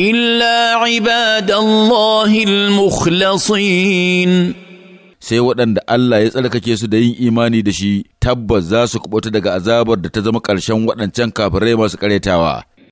Illa عباد الله المخلصين sai waɗanda Allah ya tsarkake su da yin imani da shi tabbas za su kubuta daga azabar da ta zama ƙarshen waɗancan kafirai masu karetawa.